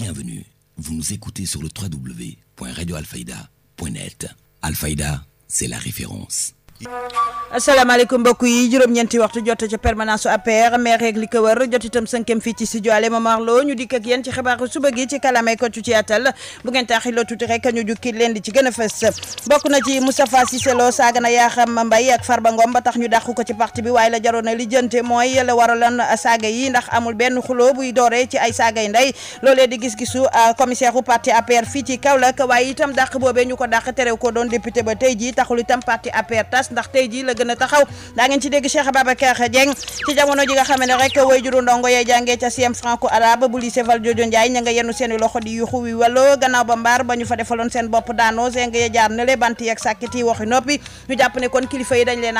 bienvenue. Vous nous écoutez sur le www.radioalfaïda.net. Alfaïda, c'est la référence. asalaamaaleykum mbokk yi juróom-ñeenti waxtu jot ca permanence APR maire li ko wër jot itam cinquième fii ci studio Allé Momar Lo ñu dikk ak yéen ci xibaaru suba gi ci kalamay ko ci atal bu ngeen taaxi loo tuuti a fës ak Farba ba tax ñu dàqu ko ci parti bi waaye la jaroon a lijjante mooy la a saaga yi ndax amul benn xuloo buy dooree ci ay saagay ndey loolee di gis-gisu euh, commissaire u parti APR fii ci Kaolack waaye itam dàq boobee ñu ko dàq terew ko doon député ba tey ji taxul itam parti APR ndax tey jii la gën a taxaw daa ngeen ci dégg Cheikh ci jamono ji nga xam ne rek way juru ndongo yee jàngee ca CM franco arabe bu lycée Valdiodio Ndiaye ña nga yenu seeni loxo di yuxu wi walo gannaaw ba mbaar ba ñu fa defaloon seen bopp le bant yeeg sàkkit yi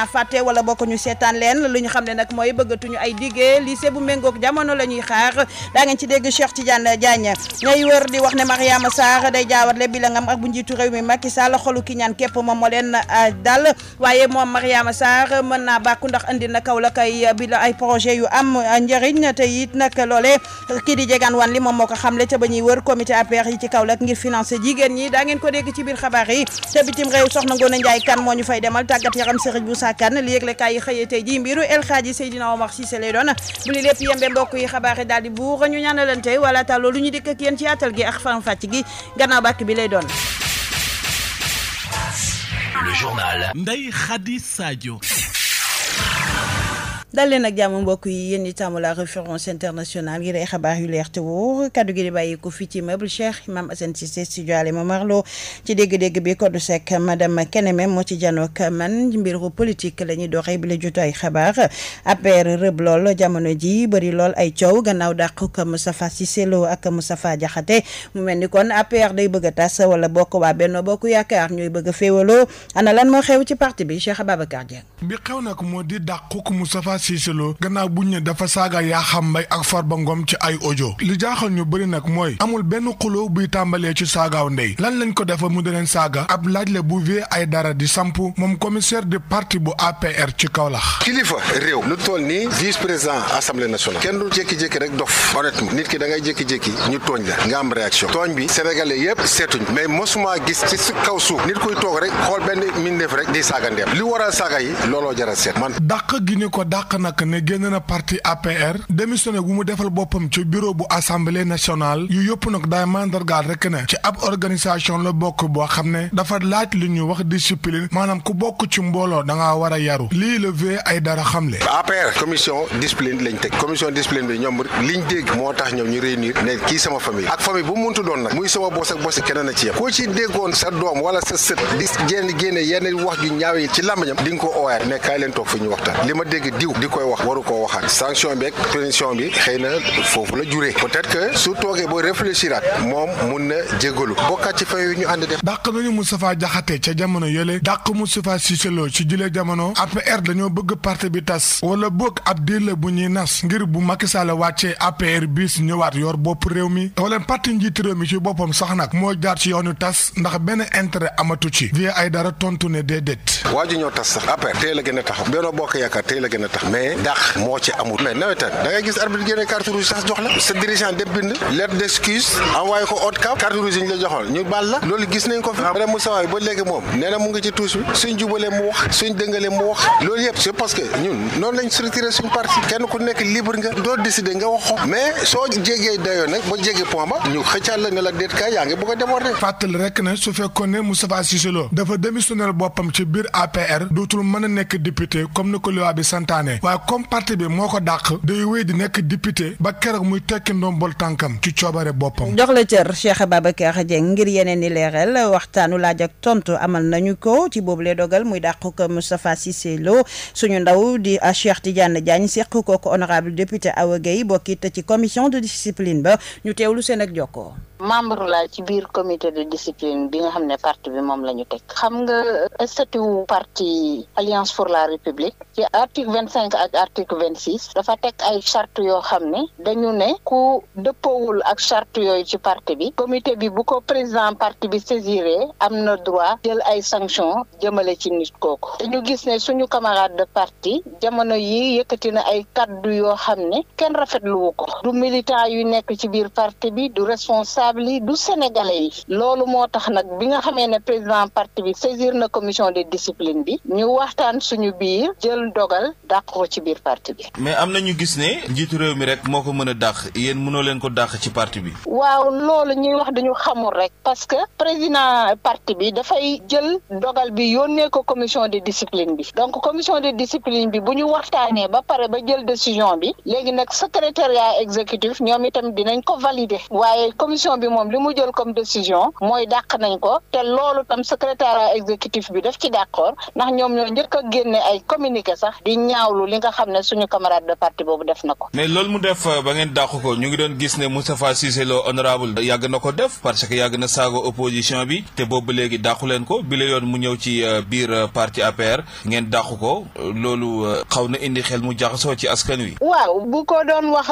a fàtte wala bokk ñu seetaan leen lu ñu xam mooy bëggatuñu ay diggee lycée bu méngoog jamono la ñuy xaar daa ngeen ci dégg Cheikh Tidiane Diagne ñay wër di wax ne Mariama Sarr day jaawatle bi la ngam ak bu njiitu réew mi Macky Sall xolu ki ñaan képp moom moo leen euh, dal waaye waaye moom Mariama Sarr mën naa bàkku ndax indi na Kaolack ay bi la ay projet yu am njëriñ te it nag loolee kii di jegaan wan li moom moo ko xamle te ba ñuy wër comité APR yi ci Kaolack ngir ñi daa ngeen ko dégg ci biir xabaar yi te bitim réew soxna Ngoone Njaay kan moo ñu fay demal tàggat yaram Serigne Boussa Kane li yëgle kaay yi xëyee tey ji mbiru El Hadji Seydina Omar Cissé lay doon bu li lépp yembe mbokk yi xabaar yi daal di buur ñu ñaanalante wala ta loolu ñu dikk ak yéen ci yaatal bi lay doon le journal Ndeye Khady Sadio dal leen ak jàmm mbokk yi yéen ñi tàmm la référence internationale ngir ay xabaar yu leer te wóor kaddu gi di bàyyi ko fii ci meuble Cheikh Imam Assane Cissé studio Aly Momar Lo ci dégg-dégg bi Codou Seck madame Keneme moo ci janook man mbiru politique la ñuy doxee bi la jotu ay xabaar APR rëb lool jamono ji bëri lool ay cow gannaaw dàquk Moustapha Cissé Lo ak Moustapha Diakhaté mu mel ni kon APR day bëgg a tas wala bokk waa Benno Bokk Yaakaar ñooy bëgg féewaloo ana lan moo xew ci parti bi Cheikh Ababacar Dieng. Cissé Lo gannaaw buñ ne dafa saaga Yakham Mbaye ak Farba Ngom ci ay audio li jaaxal ñu bëri nekk mooy amul benn xuloo buy tàmbalee ci saagaaw ndey lan lañ ko defa mu di leen saaga ab laaj la bu vie ay dara di samp moom commissaire de parti bu APR ci Kaolack kilifa réew lu tool nii vice président assemblée nationale kenn du jékki-jékki rek dof honnêtement nit ki da ngay jékki-jékki ñu tooñ la nga am réaction tooñ bi sénégalais yëpp seetuñ mais mosuma gis ci s kaw suuf nit kuy toog rek xool benn mindeef rek di saaga ndeem li waral saaga yi looloo jaral seet dàq nag ne génn na parti APR démissionné bu mu defal boppam ci bureau bu assamble nationale yu yëpp nag daay mandargaal rek ne ci ab organisation la bokk boo xam ne dafa laaj lu ñu wax discipline maanaam ku bokk ci mbooloo da ngaa war a yaru lii la vee ay dara xamle. APR commission discipline lañ teg commission discipline bi ñoom liñ dégg moo tax ñoom ñu réunir ne kii sama famille ak famille bu mu muntu doon nag muy sama boos ak boos keneen a ci yem koo ci déggoon sa doom wala sa sët di génn wax ju ñaaw yi ci làmbañam di nga ko ooyaat ne ñu waxtaan li ma dégg diw di koy wax waru koo waxaat sanction bi ak punition bi xëy na foofu la juree peut-être que su toogee boo réfléchiraat moom mun na jégalu bokkaat ci fay yu ñu ànd def. dàq nañu Moustapha Diakhaté ca jamono yële dàq Moustapha Cissé Lo ci jile jamono APR dañoo bëgg parti bi tas wala boog ab diir la bu ñuy nas ngir bu Macky Sall wàccee APR bis ñëwaat yor bopp réew mi wala parti njiit réew mi ci boppam sax nag moo jaar ci yoonu tas ndax benn intérêt amatu ci vie ay dara tontu ne déedéet. waa ji sax APR tey la gën a taxaw Benno Bokk Yaakaar tey la gën a taxaw mais ndax moo ci amul mais nawetaan da gis arbitre génne carte rouge sax jox la sa dirigeant dem bind lettre d'excuse envoyé ko haute cap carte rouge ñu la joxoon ñu baal la loolu gis nañ ko fi ah. madame moom nee na mu ngi ci tuus bi suñ jubalee que ñun noonu lañ structuré suñ parti kenn ku nekk libre nga doo décider nga wax ko mais soo jégee dayoo nag a déborder fàttali rek ne su fekkoon ne Moustapha dafa démissionné boppam ci biir APR dootul mën a nekk député comme ni ko loi bi santaane waaye comme parti bi moo ko dàq day wéy di nekk député ba keroog muy tekki ndombol tànkam ci coobare boppam jox la cër Cheikh Babacar Dieng ngir yeneen ni leeral waxtaanu laaj ak tontu amal nañu ko ci boobu lay dogal muy dàq ko Moustapha Cissé Lo suñu ndaw di Cheikh Tidiane Diagne seq ko ko honorable député Awa Gueye bokkit ci commission de discipline ba ñu teewlu seen ak jokkoo membre la ci biir comité de discipline bi nga xam ne parti bi moom la ñu teg xam nga euh, statut parti alliance pour la république ci article vingt cinq ak article vingt six dafa teg ay charte yoo xam ne dañu ne ku dëppoowul ak charte yooyu ci parti bi comité bi bu ko président parti bi saisiré am na droit jël ay sanction jëmale ci nit kooku dañu gis ne suñu camarade de parti jamono yi yëkkati na ay kaddu yoo xam ne kenn rafetluwu ko du militant yu nekk responsable yi du sénégalais yi loolu moo tax nag bi nga xamee ne président parti bi saisir na commission de discipline bi ñu waxtaan suñu biir jël dogal dàq ko ci biir parti bi. mais am na ñu gis ne njiitu réew mi rek moo ko mën a dàq yéen mënoo leen ko dàq ci parti bi. waaw loolu ñuy wax dañu xamul rek parce que président parti bi dafay jël dogal bi yónnee ko commission de discipline bi donc commission de discipline bi bu ñu waxtaanee ba pare ba jël décision bi léegi nag secrétariat exécutif ñoom itam dinañ ko valider waaye bi moom li mu jël comme décision mooy dàq nañ ko te loolu tam secrétaire exécutif bi daf ci d'accord ndax ñoom ñoo njëkk a génne ay communiqué sax di ñaawlu li nga xam ne suñu camarade de parti boobu def na ko. mais loolu mu def euh, ba ngeen dàq ko ñu ngi doon gis ne Moustapha Cissé honorable yàgg na ko def parce que yàgg na saago opposition bi te boobu léegi dàqu leen ko bi la yoon mu ñëw ci euh, biir euh, parti APR ngeen dàq ko loolu xaw na indi xel mu jaxasoo ci askan wi. waaw bu ko doon wax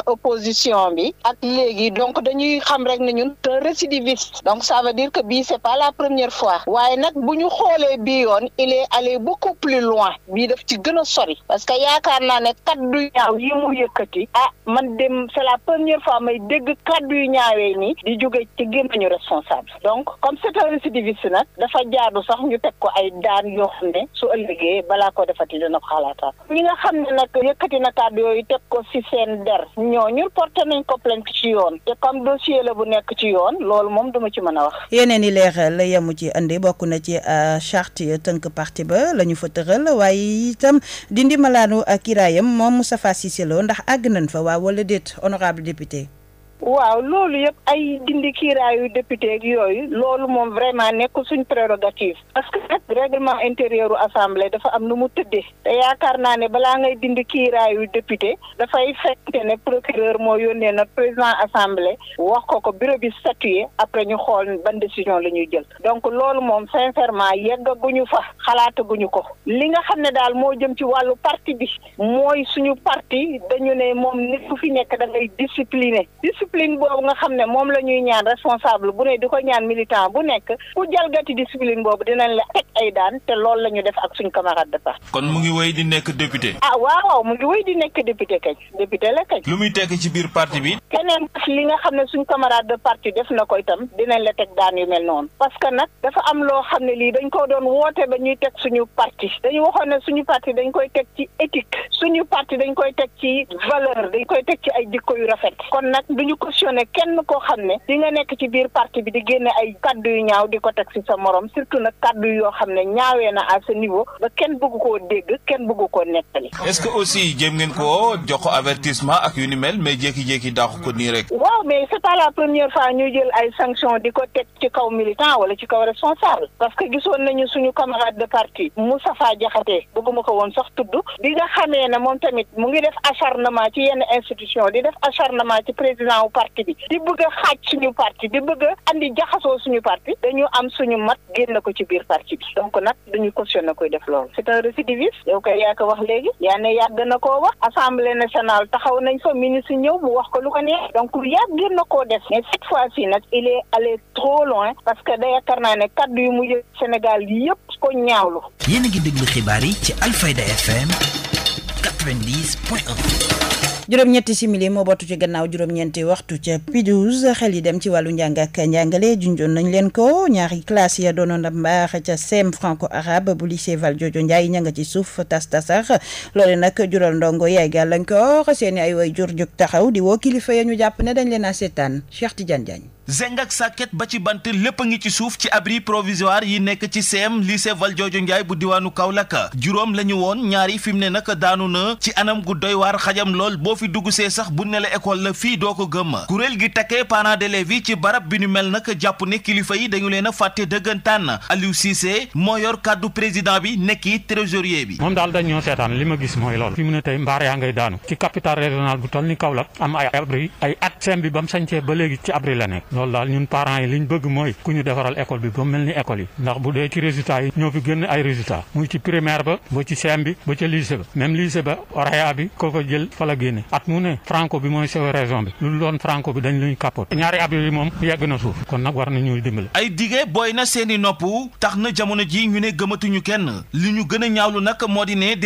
te récidiviste donc ça veut dire que bii c'est pas la première fois waaye nag bu ñu xoolee bii yoon il est allé beaucoup plus loin bii daf ci gën a sori parce que yaakaar naa ne kaddu ñaaw yi mu yëkkati ah man dem c'est la première fois may dégg kaddu yu ñaawee nii di jóge ci gémmiñu responsable donc comme c'est un récidiviste nag dafa jaadu sax ñu teg ko ay daan yoo xam ne su ëllëgee balaa ko defati dina ko xalaataat ñi nga xam ne nag yëkkati na kaddu yooyu teg ko ci seen der ñooñu porté nañ ko plainte ci ci yoon loolu moom dama ci mën a wax. yeneen i leeral la yemu ci indi bokk na ci euh, charte tënk parti ba la ñu fa tëral waaye itam dindi malaanu kiraayam moom Moustapha Cissé Lo ndax àgg nañ fa waa wala déet honorable député. waaw loolu yëpp ay dindi kiiraayu député ak yooyu loolu moom vraiment nekkul suñ prérogative parce que nag règlement intérieur u dafa am nu mu tëddee te yaakaar naa ne balaa ngay dindi kiiraayu député dafay fekk ne procureur moo yónnee na président assemblée wax ko ko bureau bi statué après ñu xool ban décision la ñuy jël donc loolu moom sincèrement yeggaguñu fa xalaataguñu ko li nga xam ne daal moo jëm ci wàllu parti bi mooy suñu parti dañu ne moom nit ku fi nekk da ngay discipliné discipline boobu nga xam ne moom la ñuy ñaan responsable bu ne di ko ñaan militant bu nekk ku jalgati discipline boobu dinañ la teg ay daan te loolu la ñu def ak suñ camarade de parti. kon mu ngi wéy di nekk député. ah waaw mu ngi wéy di nekk député kañ député la kañ. lu muy tekk ci biir parti bi. keneen li nga xam ne suñ camarade de parti def na ko itam dinañ la teg daan yu mel noonu. parce que nag dafa am loo xam ne lii dañ ko doon woote ba ñuy teg suñu parti dañu waxoon ne suñu parti dañ koy teg ci éthique suñu parti dañ koy teg ci valeur dañ koy teg ci ay jikko yu rafet cautionné kenn koo xam ne di nga nekk ci biir parti bi di génne ay kaddu yu ñaaw di ko teg si sa morom surtout nag kaddu yoo xam ne ñaawee na à ce niveau ba kenn bëgg koo dégg kenn bëgg koo nettali. est-ce que aussi jéem ngeen ko jox ko avertissement ak yu ni mel mais jékki-jékki daaxu ko nii rek. waaw mais c'est pas la première fois ñuy jël ay sanctions di ko teg ci kaw militant wala ci kaw responsable parce que gisoon nañu suñu camarade de parti Moustapha Diakhaté bëgguma ko woon sax tudd bi nga xamee ne moom tamit mu ngi def acharnement ci yenn institution di def acharnement ci président ginnaaw parti bi di bëgg a xaaj suñu parti di bëgg a jaxasoo suñu parti dañu am suñu mat génn ko ci biir parti bi donc nag duñu cautionné koy def loolu c'est un récidiviste yow koy yaa ko wax léegi yaa ne yàgg na koo wax assemblée nationale taxaw nañ fa si ñëw mu wax ko lu ko neex donc yàgg na koo def mais cette fois ci nag il est allé trop loin parce que day yaakaar naa ne kaddu yu mujj Sénégal yépp ko ñaawlu. yéen a ngi xibaar yi ci Alfayda FM juróom-ñetti simili moo bottu ci gannaaw juróom-ñeenti waxtu ca pidous xel yi dem ci wàllu njàng ak njàngale junjoon nañ leen ko ñaari classe ya doonoon a mbaax ca sem franco arabe bu lycée Valdiodio Ndiaye ña nga ci suuf tas tasax loole nag jural ndongo yaay gàllankoor seen i ay way jur jóg taxaw di woo kilifa ya ñu jàpp ne dañ leen a seetaan Cheikh Tidiane Diagne zeng ak sàkket ba ci bant lépp a ngi ci suuf ci abri provisoire yi nekk ci lise lycée Valdiodio Ndiaye bu diwaanu Kaolack juróom la ñu woon ñaari fi mu ne nag daanu na ci anam gu doy xajam lool boo fi dugg see sax bu ne la école la fii doo ko gëm kuréel gi takkee parents d'élèves ci barab bi ñu mel nag jàpp ne kilifa yi dañu leen a fàtte dëggantaan Aliou Cissé mooy yor kàddu président bi nekki trésorier bi. moom daal dañoo seetaan li ma gis mooy loolu. fi mu ne tey mbaar yaa ngay daanu. ci capital régional bu toll ay at CEM bi ba mu ba léegi ci abri la nekk loolu daal ñun parents yi li ñu la génne at mu ne franco bi mooy sewe raison bi lu doon franco bi dañ luñ kapot ñaari at yooyu moom yegg na suuf kon nag war na ñuy dimbale ay dige booy na seeni nopp tax na jamono ñu ne gëmatuñu kenn li ñu gën a ñaawlu nag moo di bi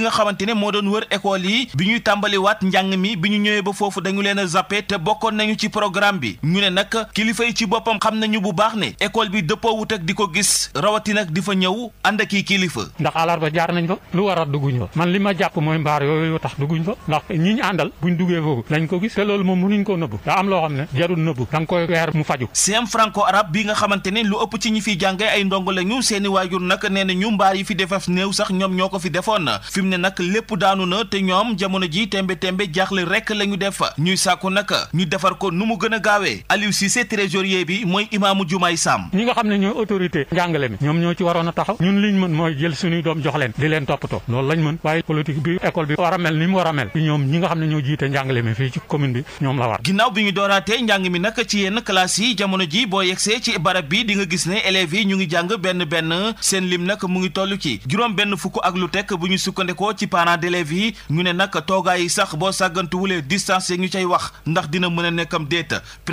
nga xamante ne moo wër école bi ñuy tàmbaliwaat njàng mi bi ñu ñëwee ba foofu dañu leen a te bokkoon nañu ci programme bi ñu ne ne nag kilifa yi ci boppam xam nañu bu baax ne école bi dëppoo wut ak di ko gis rawati nag di fa ñëw ànd ak i kilifa. ndax àllarba jaar nañ fa lu war a dugguñ fa man li ma jàpp mooy mbaar yooyu tax dugguñ fa ndax ñi ñu àndal buñ duggee foofu lañ ko gis te loolu moom mënuñ ko nëbbu daa am loo xam ne jarul nëbbu da nga koy weer mu faju CEM franco arabe bi nga xamante ne lu ëpp ci ñi fiy jàngee ay ndongo lañu seeni waajur nag nee na ñu mbaar yi fi defaf néew sax ñoom ñoo ko fi defoon fi mu ne nag lépp daanu na te ñoom jamono ji tembe tembe jaaxle rek la ñu def ñuy sàkku nag ñu defar ko nu mu gën a gaawee Aliou Cissé trésorier bi mooy imaamu Jumaay Sàmm ñi nga xam ne ñooy autorité njàngale mi ñoom ñoo ci waroon a taxaw ñun liñ mën mooy jël suñuy doom jox leen di leen toppatoo loolu lañ mën waaye politique bi école bi war a mel ni mu war a mel ñoom ñi nga xam ne ñoo jiite njàngale mi fii ci commune bi ñoom la war ginnaaw bi ñu dooraatee njàng mi nag ci yenn classe yi jamono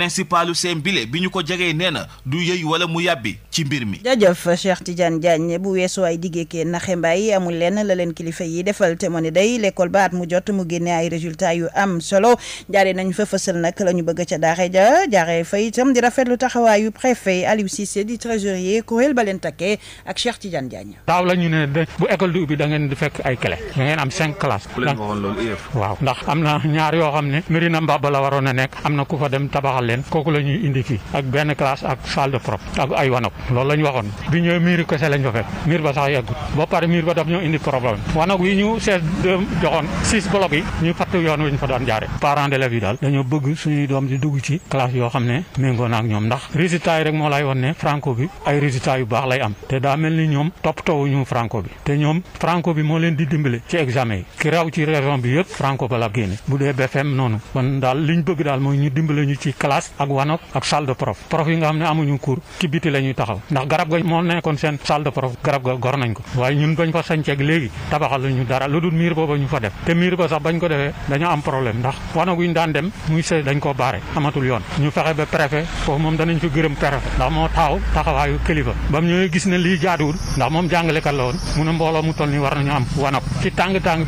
a principalu seen bile bi ñu ko jegee nee na du yëy wala mu yàbbi ci mbir mi. jërëjëf Cheikh Tidiane Diagne bu weesoo ay diggéekee naxe mbaay amul lenn la leen kilifa yi defal te mu ne day l'école ba at mu jot mu génne ay résultats yu am solo jaaree nañ fa fësal nag la ñu bëgg ca daaxe ja jaaree fa itam di rafetlu taxawaayu préfet Aliou Cissé di trésorier kuréel ba leen takkee ak Cheikh Tidiane Diagne. daaw la ne bu école di ubbi da ngeen di fekk ay clé da ngeen am cinq classes. waaw ndax am na ñaar yoo xam ne mbiri na mbaba a kooku la ñuy indi fii ak benn classe ak salle de prop ak ay wanag loolu la ñu waxoon bi ñëwee miir kese fa fekk miir ba sax yeggut ba pare miir ba daf ñoo indi problème wanag yi ñu seet de joxoon six ñu fatt yoon wi fa doon jaare parents d'élèves yi daal dañoo bëgg suñuy doom di dugg ci classe ne méngoo naak ñoom ndax résultat yi rek moo lay won bi ay résultat yu baax lay am te daa mel ni ñoom toppatoo ñu franco te ñoom franco bi di dimbale ci examen ak wanok ak salle yi nga xam ne amuñu taxaw ndax garab ga moo nekkoon seen prof garab ga gor nañ ko ñun bañ fa sañceeg léegi tabaxal ñu dara lu miir booba ñu fa te miir ba sax bañ ko defee dañoo am problème ndax wanok yu ñu dem muy see dañ koo baare amatul yoon ñu fexe ba préfet foofu moom danañ fi gërëm préfet ndax moo taaw taxawaayu kilifa ba mu ñëwee gis ne lii jaaduwul ndax moom jàngalekat la woon mu ne mbooloo mu toll ni war am wanok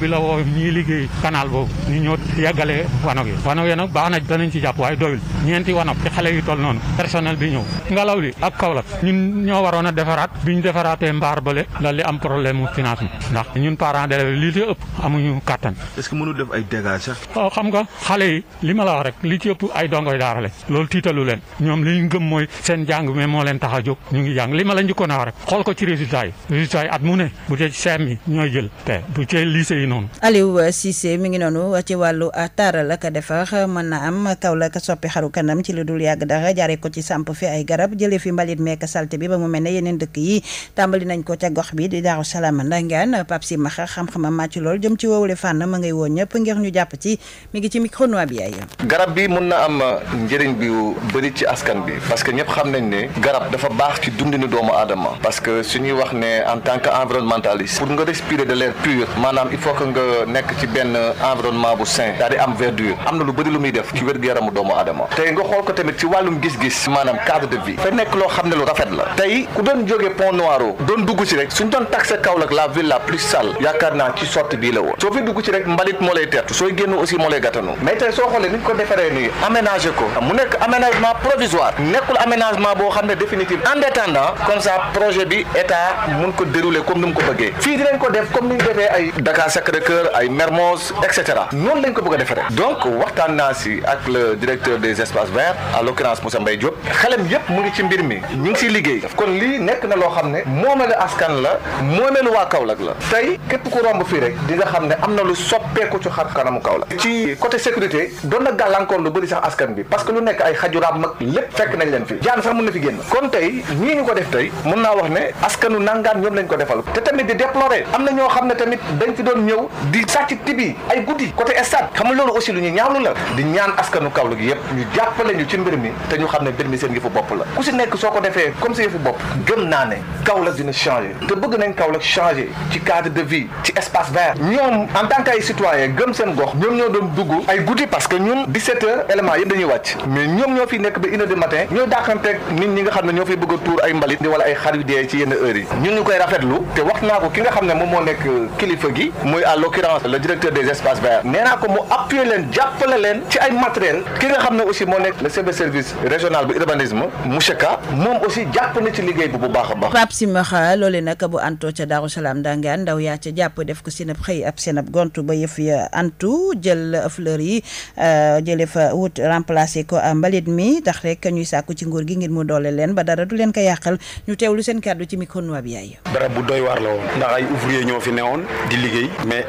la woo ñii liggéey canal boobu ñu ñoo yeggalee wanok yi wanok yi nag baax na danañ ci jàpp waaye kanam ci xale yu toll noonu personnel bi ñëw ngelaw li ak Kaolack ñun ñoo waroon a defaraat bi ñu defaraatee mbaar bële daal di am problème mu financement ndax ñun parents d'élèves lii ci ëpp amuñu kàttan. est que mënu def ay dégâts sax. xam nga xale yi li la wax rek li ci ëpp ay dongoy daara loolu tiitalu leen ñoom li ñu gëm mooy seen jàng mais moo leen tax a jóg ñu ngi jàng li la njëkkoon a wax rek xool ko ci résultat yi at mu ne bu dee CEM yi ñooy lu dul yàgg dara jaaree ko ci samp fi ay garab jëlee fi mbalit meek salte bi ba mu mel na yeneen dëkk yi tàmbali nañ ko ca gox bi di Daaru Salaam ndangaan Pape Si ma xam-xamam màcc lool jëm ci woowule fànn ma ngay woon ñëpp ngir ñu jàpp ci mi ngi ci micro noir bi ay garab bi mun na am uh, njëriñ bi bëri ci askan bi parce que ñëpp xam nañ ne garab dafa baax ci dundu dundinu doomu adama parce que suñuy wax ne en tant que environnementaliste pour nga respirer de l'air pur maanaam il faut que nga nekk ci benn environnement bu sain daal am verdure lu bëri lu muy def ci wér yaramu doomu aadama ko tamit ci wàllum gis-gis maanaam cadre de vie fa nekk loo xam ne lu rafet la tey ku doon jógee Pont Noiro doon dugg ci rek suñ doon taxe Kaolack la ville la plus sale yaakaar naa ci sortie bii la woon soo fi dugg ci rek mbalit moo lay tertu sooy génn aussi moo lay gàttanu mais tey soo xoolee ni ñu ko defaree nii aménagé ko mu nekk aménagement provisoire nekkul aménagement boo xam ne définitif en comme ça projet bi état mun ko dérouler comme ni mu à mu Moussa Mbaye Diop xelam yëpp mu ngi ci mbir mi ñu ngi siy liggéey kon lii nekk na loo xam ne moomelu askan la moo moomelu waa Kaolack la tey képp ku romb fii rek di nga xam ne am na lu soppeeku ci xar kanamu Kaolack ci côté sécurité doon na gàllankoor lu bari sax askan bi parce que lu nekk ay xajuraam mag lépp fekk nañ leen fi jaan sax mën na fi génn kon tey ñii ñu ko def tey mën naa wax ne askanu nangaan ñoom lañ ko defal te tamit di am na ñoo xam ne tamit dañ fi doon ñëw di sàcc tibi ay guddi côté stade xam nga loolu aussi lu ñu ñaawlu la di ñaan askanu Kaolack yëpp ñu jàppale ci mbir te ñu xam ne mbir mi seen yëfu bopp la ku si nekk soo ko defee comme si yëfu bopp gëm naa ne Kaolack dina changé te bëgg nañ Kaolack changé ci cadre de vie ci espace vert ñoom en tant que ay citoyen gëm seen gox ñoom ñoo doon dugg ay guddi parce que ñun 17 heures éléments yëpp dañuy wàcc mais ñoom ñoo fi nekk ba une ne ñoo fiy bëgg a tuur ay mbalit wala ay xar yu yi ñu koy rafetlu te wax naa ko ki ne moom moo nekk kilifa gi muy à l'occurrence le directeur des espaces verts nee naa ko mu appuyer leen jàppale leen ci ay matériel ki nga xam ne aussi moo nekk chef de service régional bu urbanisme monsieur Ka moom aussi jàpp na ci liggéey bi bu baax a baax. Pape Simaxa loolee nag bu antoo ca Daaru Salaam dangaan ndaw yaa ca jàpp def ko seen ab xëy ab seen ab gontu ba yëf ya antu jël fleur yi euh, jëlee fa wut remplacer ko mbalit mi tax rek ñuy sàkku ci nguur gi ngir mu doole leen ba dara du leen ko yàqal ñu teewlu seen kàddu ci mi noir bi yaay. dara bu doy waar la woon ndax ay ouvrier ñoo fi newoon di liggéey mais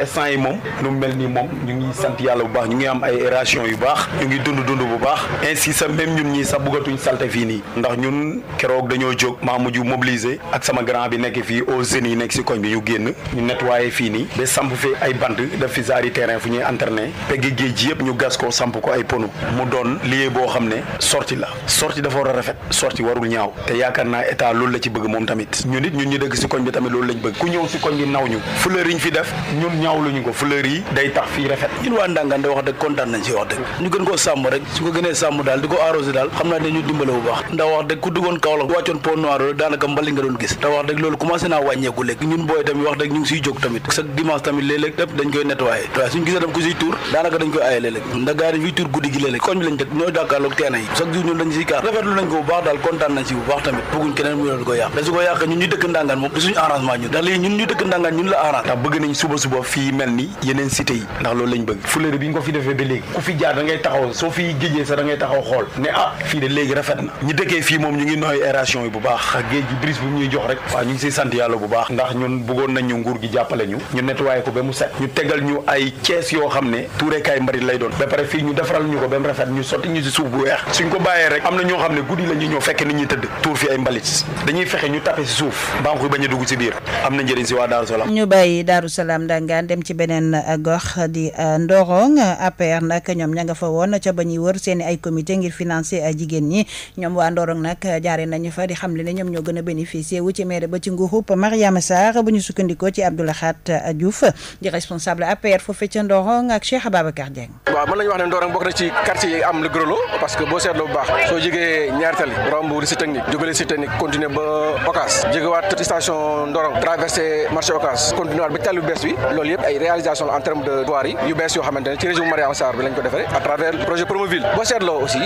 instant si sa même ñun ñii sax bëggatuñ salte fii nii ndax ñun keroog dañoo jóg maa mujj ak sama grand bi nekk fii aux jeunes yi nekk si koñ bi ñu génn ñu nettoyé fii nii ba samp fi ay bant def fi zaari terrain fu ñuy entraîné pegg géej yëpp ñu gas ko samp ko ay pono mu doon lieu boo xam ne sorti la sorti dafa rafet sorti warul ñaaw te yaakaar naa état loolu la ci bëgg moom tamit ñun it ñun ñu dëkk si koñ bi tamit loolu lañ bëgg ku ñëw si koñ bi naw ñu fleur yi ñu fi def ñun ñaawluñu ko fleur yi day tax fii rafet ñun waa Ndangane wax dëgg kontaan nañ si wax dëgg ñu gën koo sàmm rek su ko gënee sàmm daal di ko arrosé daal xam naa dañu dimbale bu baax ndax wax dëgg ku duggoon Kaolack wàccoon pont noir loolu daanaka mbali nga doon gis te wax dëgg loolu commencé naa wàññeeku léegi ñun booy tamit wax dëgg ñu ngi siy jóg tamit chaque dañ koy nettoyé waaye ndax gars yi dañ fiy guddi gi léeg-léeg koñ lañ dëkk ñoo jàkkaarloog teena yi chaque jour ñun dañ siy kaar rafetlu nañ ko bu baax daal kontaan nañ si bu baax tamit bëgguñ keneen mu doon ko yàq da su ko yàq ñu ñu xool ne ah fii de léegi rafet na ñu dëkkee fii moom ñu ngi nooy aération yi bu baax géej gi brise bu ñuy jox rek waaw ñu ngi siy sant yàlla bu baax ndax ñun bëggoon nañ nguur jàppale ñu ñu ko ba mu set ñu tegal ñu ay mbalit lay doon ba fii ñu defaral ñu ko ba mu rafet ñu sotti ñu si suuf bu weex suñ ko bàyyee rek am na ñoo xam ne guddi la ñu fekk nit ñi tëdd tuur fi ay mbalit dañuy fexe ñu tappe si suuf banque yi bañ a dugg si biir ngir financer euh, jigéen ñi ñoom waa Ndorong nag euh, jaare nañu fa di xam le ne ñoom ñoo gën a bénéficier wu ci maire ba ci nguurub Mariama Sarr bu ñu sukkandikoo ci Abdoulaye Khat euh, Diouf di responsable APR foofu ca Ndorong ak Cheikh Ababacar Dieng waaw mën nañu wax ne Ndorong bokk na ci quartier yi am lu gërëlo parce que boo seetloo bu baax soo jigee ñaari tali romb lycée technique jubale lycée technique continuer ba Ocas jégewaat station Ndorong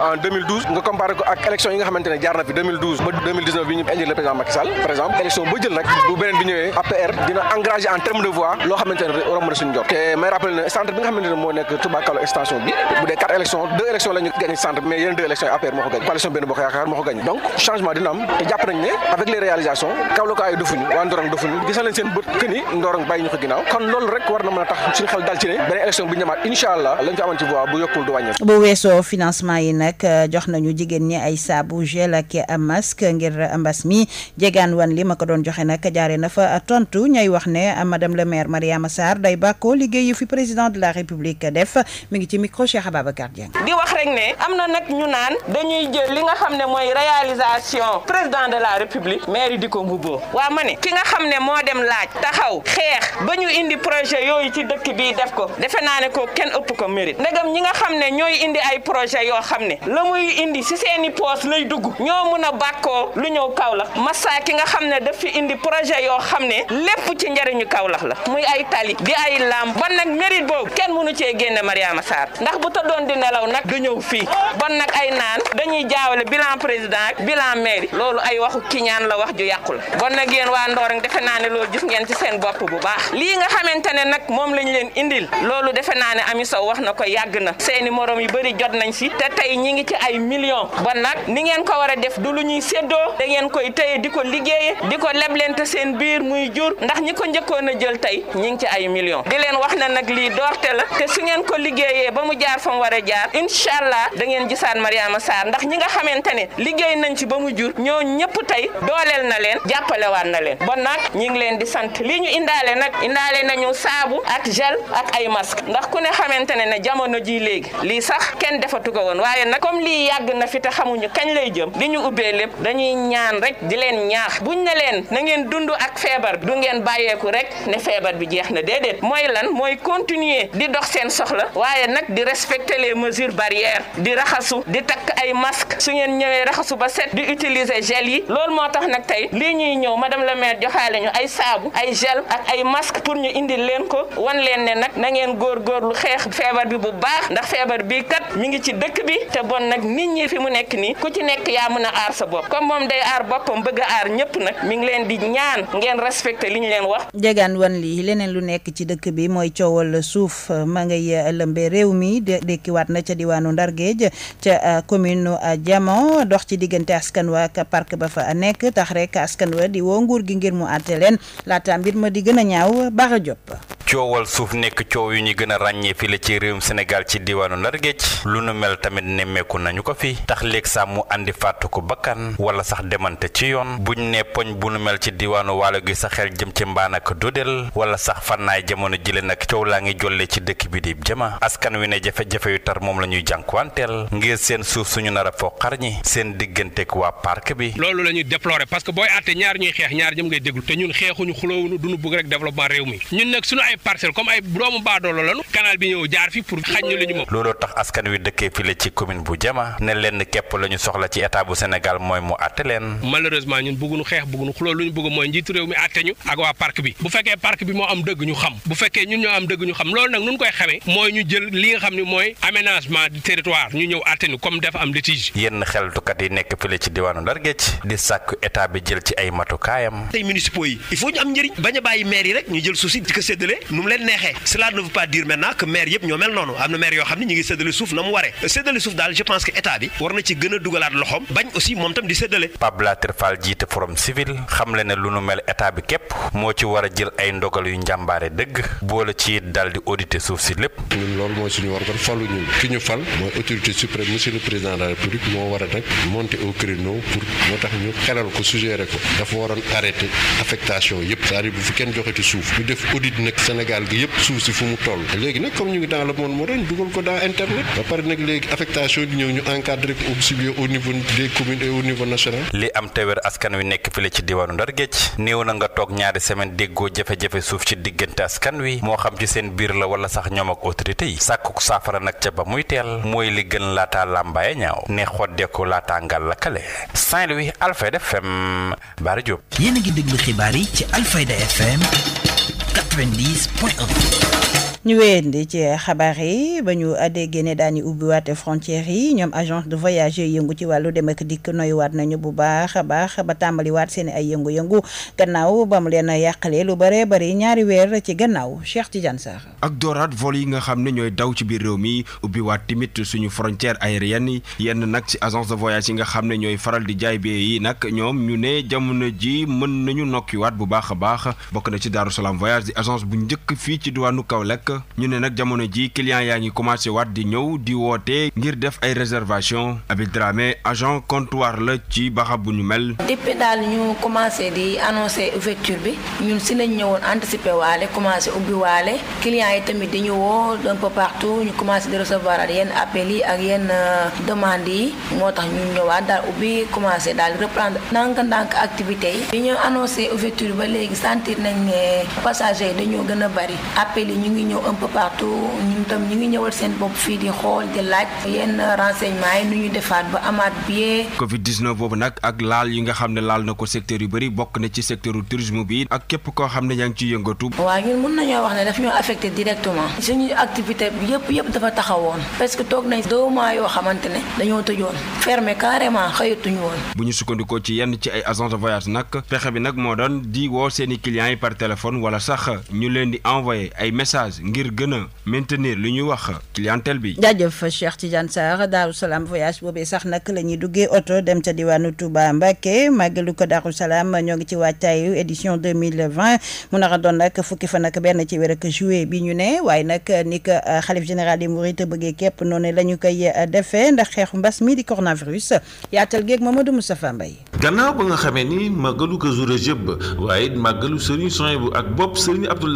en 2012 nga comparé ko ak élection yi nga xamante jaar na fi 2012 ba par exemple élection ba jël nag bu beneen bi ñëwee APR dina engagé en terme de voix loo xamante ne romb na te may rappelé ne centre bi nga xamante moo nekk Touba Kalo extension bi bu dee quatre élections deux élections la ñu centre bi mais yeneen deux élections APR moo ko kon loolu rek war na mën a tax suñu xel dal ci ne beneen élection bi ñu demaat allah lañ fi nag euh, jox nañu jigéen ñi ay saabu gel ak masque ngir mbas mi jegaan wan li ma ko doon joxe na jaare na fa tontu ñay wax ne madame le maire Mariama Sarr day bàkkoo liggéey yu fi président de la république def mi ngi ci micro Cheikh Ababacar Dieng di wax rek ne am na nag ñu naan dañuy jël li nga xam ne mooy réalisation président de la république maire di ko mbubboo waa ma ne ki nga xam ne moo dem laaj taxaw xeex ba ñu indi projet yooyu ci dëkk bii def ko defe naa ne ko ne la muy indi si seen poos lay dugg ñoo mun a bàkkoo lu ñëw Kaolack Massa ki nga xam ne daf fi indi projet yoo xam ne lépp ci njariñu Kaolack la muy ay tali di ay lam ban nag mérite boobu kenn mënu cee génne Mariama Sarr ndax bu ta doon di nelaw nag du ñëw fii bon nag ay naan dañuy jaawale bilan président ak bilan mairie loolu ay waxu kiñaan la wax ju yàqu la bon nag yéen waa Ndorong defe naa ne loolu gis ngeen ci seen bopp bu baax lii nga xamante ne nag moom lañ leen indil loolu defe naa ne Ami wax na ko yàgg na tey ñi ngi ci ay million bon nag ni ngeen ko war a def du lu ñuy séddoo dangeen koy tëye di ko liggéeye di ko leblente seen biir muy jur ndax ñi ko njëkkoon a jël tey ñi ngi ci ay millions di leen wax na nag lii doorte la te su ngeen ko liggéeyee ba mu jaar fa mu war a jaar incha allah da ngeen gisaan Mariama Sarr ndax ñi nga xamante ne liggéey nañ ci ba mu jur ñoo ñëpp tey dooleel na leen jàppalewaat na leen bon nag ñi ngi leen di sant lii ñu indaale nag indaale nañu saabu ak gel ak ay masque ndax ku ne xamante ne ne jamono ji léegi lii sax kenn waaye nag comme lii yàgg na fi te xamuñu kañ lay jëm li ñu ubbee lépp dañuy ñaan rek di leen ñaax buñ ne leen na ngeen dund ak feebar bi du ngeen bàyyeeku rek ne feebar bi jeex na déedéet mooy lan mooy continuer di dox seen soxla waaye nag di respecte les mesures barrières di raxasu di takk ay masque su ngeen ñëwee raxasu ba set di utiliser gel yi loolu moo tax nag tey lii ñuy ñëw madame la maire joxaale ñu ay saabu ay gel ak ay masque pour ñu indi leen ko wan leen ne nag na ngeen lu xeex feebar bi bu baax ndax feebar bi kat mi ngi ci dëkk bi te bon nag nit ñi fi mu nekk nii ku ci nekk yaa mën a aar sa bopp comme moom day aar boppam bëgg a aar ñëpp nag mi ngi leen di ñaan ngeen respecté li ñu leen wax. jegaan wan lii leneen lu nekk ci dëkk bi mooy coowal suuf ma ngay lëmbee réew mi dékkiwaat na ca diwaanu Ndar Géej ca commune Diamant dox ci diggante askan wa ak park ba fa nekk tax rek askan wa di woo nguur gi ngir mu àtte leen laata mbir ma di gën a ñaaw baax a jop coowal suuf nekk coow yu ñu gën a ràññee fii ci réewum Sénégal ci diwaanu nemmeeku nañu ko fi tax léeg saa mu andi fàttu ko bakkan wala sax demante ci yoon buñ ne poñ bu nu mel ci diwaanu waalo gi sa xel jëm ci mbaan ak dodel wala sax fannaay jamono jile nag coow laa ngi jolle ci dëkk bi di jëma askan wi ne jafe-jafe yu tar moom la ñuy jànkuwanteel ngir seen suuf suñu nar a foo xar ñi seen digganteeg waa parc bi loolu la ñuy déplorer parce que booy àtte ñaar ñuy xeex ñaar jëm ngay déglu te ñun xeexuñu ñu li ñu moom looloo tax commune bu ne lenn képp la soxla ci état bu Sénégal mooy mu àtte leen malheureusement ñun bëgguñu xeex bëgguñu xuloo lu ñu bëgg mooy njiitu réew mi àtte ak waa parc bi bu fekkee parc bi moo am dëgg ñu xam bu fekkee ñun ñoo am dëgg ñu xam loolu nag nun koy xamee mooy ñu jël li nga xam ne mooy aménagement du territoire ñu ñëw àtte comme dafa am litige yenn xeltukat yi nekk fële ci diwaanu Ndar Géej di sàkku état bi jël ci ay matukaayam tey municipaux yi a daal je pense que état bi war na ci gën a dugalaat loxoom bañ aussi moom tam di séddale. Pape Latir Fall jiite forum civil xam le ne lu nu mel état bi képp moo ci war a jël ay ndogal yu njàmbaare dëgg boole ci dal di auditer suuf si lépp. ñun loolu mooy suñu war ko falu ñun ki ñu fal mooy autorité suprême monsieur le président de la république moo war a nag monter au créneau pour moo tax ñu xelal ko suggéré ko dafa waroon arrêté affectation yëpp cest bu fi kenn joxeti fu mu toll léegi nag comme ñu ngi dans le population di ñëw ñu encadré ko li am tewer askan wi nekk file ci diwaanu Ndar Géej néew na nga toog ñaari semaine déggoo jafe-jafe suuf ci diggante askan wi moo xam ci seen biir la wala sax ñoom ak autorité yi sàkku saafara nag ca ba muy teel mooy li gën laataa làmbaaya ñaaw ne xoddeeku laataa ngàllakale Saint-Louis Alfayda FM Bara Diop. yéen a ngi déglu xibaar yi ci Alfayda FM ñu wéyandi ci xabaar yi ba ñu déggee ne daañu ubbiwaat frontières yi ñoom agence de voyage yëngu ci wàllu dem ak dikk noyuwaat nañu bu baax a baax ba tàmbaliwaat seen ay yëngu-yëngu gannaaw ba mu leen yàqalee lu bëree bëri ñaari weer ci gannaaw Cheikh Tidiane Sarr. ak doraat vol yi nga xam ne ñooy daw ci biir réew mi ubbiwaat tamit suñu frontière aérienne yi yenn nag ci agence de voyage yi nga xam ne ñooy faral di jaay bee yi nag ñoom ñu ne jamono ji mën nañu nokkiwaat bu baax a baax bokk na ci Daaru Salaam voyage di agence bu njëkk fii ci diwaanu Kaolack ñu ne nag jamono ji client yaa ngi commencé waat di ñëw di woote ngir def ay réservation Habib Dramé agent comptoir la ci baxa bu ñu mel. depuis daal ñu commencé di annoncé ouverture bi ñu si lañ ñëwoon anticipé waale commencé ubbi waale clients yi tamit dañu woo un peu partout ñu commencé di recevoir ak yenn appels ak yenn euh, demandes yi moo tax ñu ñëwaat daal ubbi commencé daal reprendre ndànk-ndànk activité yi. bi ñu annoncé ouverture ba léegi sentir a un peu partout ñun tam ñu ngi ñëwal seen bopp fii di xool di laaj yenn renseignement yi nu ñu defaat ba amaat bien. Covid boobu nag ak laal yi nga xam ne laal na ko secteur yu bëri bokk na ci secteur tourisme bi ak képp koo xam ne yaa ngi ciy yëngatu. waaw ñun mun nañoo wax ne daf ñoo affecté directement suñu activité bi yëpp yëpp dafa taxawoon parce que toog nañ deux mois yoo xamante ne dañoo tëjoon fermé carrément xëyatuñu woon. bu ñu sukkandikoo ci yenn ci ay agence de nag pexe bi nag moo doon di woo seeni clients yi par téléphone wala sax ñu leen di envoyé ay messages. ngir gën a maintenir li ñuy wax clientèle bi. jaajëf Cheikh Tidiane Sarr Daaru Salaam voyage boobee sax nag la ñuy duggee oto dem ca diwaanu Touba Mbacké màggalu ko Daaru Salaam ñoo ngi ci waajtaayu édition mu nar a doon nag fukki fan ak benn ci wér ak juillet bi ñu ne waaye nag ni ko euh, xalif général yi Mouride bëggee képp noonu la koy euh, defee ndax xeexu mbas mi di coronavirus yaatal a Mamadou Moustapha Mbaye. gannaaw ba nga xamee ni màggalu ko Kazu Rajab waaye it màggalu Serigne Souhaïbou ak bopp Serigne Abdou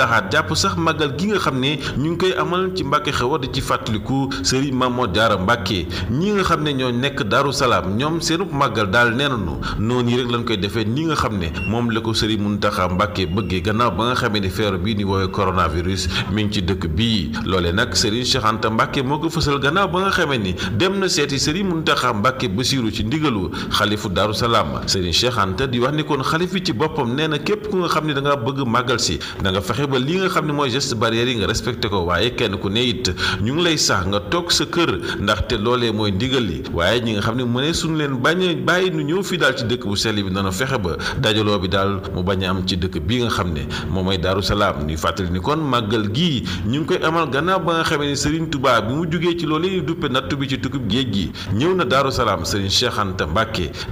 xam ne ñu ngi koy amal ci Mbàkke Xewar di ci fàttaliku Serigne Mamo Jaara Mbàkke ñi nga xam ne ñoo nekk Daaru Salaam ñoom seenub màggal daal nee na nu noonu yi rek lañ koy defee ñi nga xam ne moom la ko Serigne Muntaxa Mbàkke bëggee gannaaw ba nga xamee ne feebar bii ni woowee coronavirus mi ngi ci dëkk bii loole nag Serigne Cheikh Anta Mbàkke moo ko fësal gannaaw ba nga xamee ni dem na seeti Serigne Muntaxa Mbàkke Basiiru ci ndigalu xalifu Daaru Salaam Serigne Cheikh di wax ni kon xalif bi ci boppam nee na képp ku xam ne da bëgg màggal si da nga ba li nga xam ne mooy geste barrière yi respecté ko waaye kenn ku ne it ñu ngi lay sax nga toog sa kër ndaxte loolee mooy ndigal li waaye ñi nga xam ne mu ne suñu leen bañ bàyyi nu ñëw fii daal ci dëkk bu sell bi nanu fexe ba dajaloo bi daal mu bañ a am ci dëkk bi nga xam ne moo mooy Daaru Salaam ñuy fàttali ni kon màggal gi ñu ngi koy amal gannaaw ba nga xamee ne Serigne tubaab bi mu jógee ci loolee yi duppe nattu bi ci tukkib géej gi ñëw na Daaru Salaam Serigne Cheikh Anta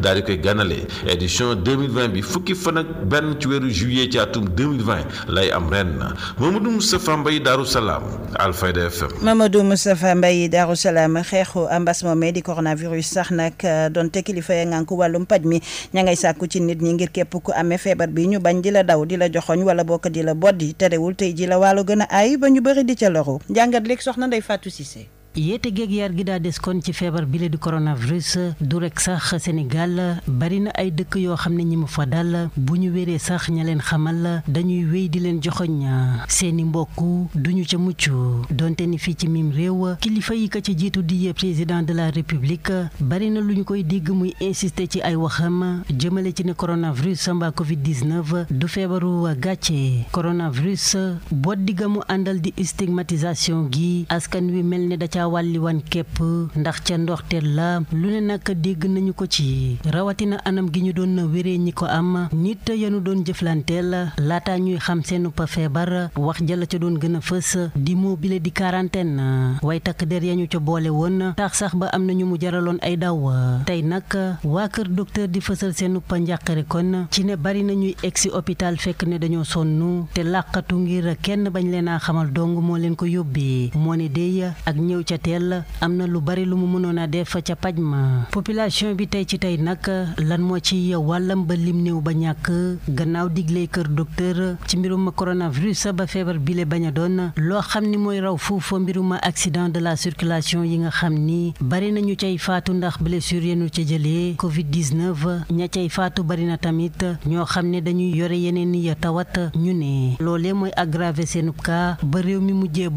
daal di koy ganale édition 2020 bi fukki fan benn ci juillet ci atum 2020 lay am ren Darou Salaam mbay FM. Mamadou Moustapha Mbaye Darou Salaam xeexu ambas moomee di coronavirus sax nag euh, donte kilifa ya ngànk wàllum paj mi ña ngay sàkku ci nit ñi ngir képp ku amee feebar bi ñu bañ di la daw di la joxoñ wala bokk di la boddi terewul tey ji la waalo gën a ay ba ñu bëri di ca loru jàngat léegi soxna Ndeye Fatou Cissé. yéete géeg yar gi daa des kon ci feebar bile di coronavirus du rek sax Sénégal bari na ay dëkk yoo xam ne ñi mu fa dal bu ñu wéree sax ña leen xamal la dañuy wéy di leen joxoñ seeni mbokk duñu ca mucc donte ni fii ci mim réew kilifa yi ko ci jiitu di président de la république bari na lu ñu koy digg muy insister ci ay waxam jëmale ci ne coronavirus samba covid 19 du feebaru gàcce coronavirus bot digga mu àndal di stigmatisation gi daa wàlli wan képp ndax ca ndoxteel la lu ne nag dégg nañu ko ci rawatina anam gi ñu doon wéree ñi ko am nit yanu doon jëflanteel laataa ñuy xam seenu pa wax jala ca doon gën a fës di moo bile di quarantaine way takk der yañu ca boole woon tax sax ba am na ñu mu jaraloon ay daw tey nag waa kër docteur di fësal seenu pa njàqare kon ci ne bari na ñuy nañuy egsi hôpital fekk ne dañoo sonn te làqatu ngir kenn bañ leen xamal dong moo leen ko yóbbee moo ne dey ak ñëw ca teel am na lu bari lu mu mënoon a def ca paj ma population bi tey ci tey nag lan moo ci wàllam ba lim néew ba ñàkk gannaaw digle kër docteur ci mbirum coronavirus ba feebar bile bañ a doon loo xam ni mooy raw foofu mbirum accident de la circulation yi nga xam ni bari nañu cay faatu ndax blessure yenu ca jëlee covid 19 ña cay faatu bari na tamit ñoo xam ne dañuy yore yeneen ya tawat ñu ne loolee mooy aggraver seenub cas ba réew mi mujjee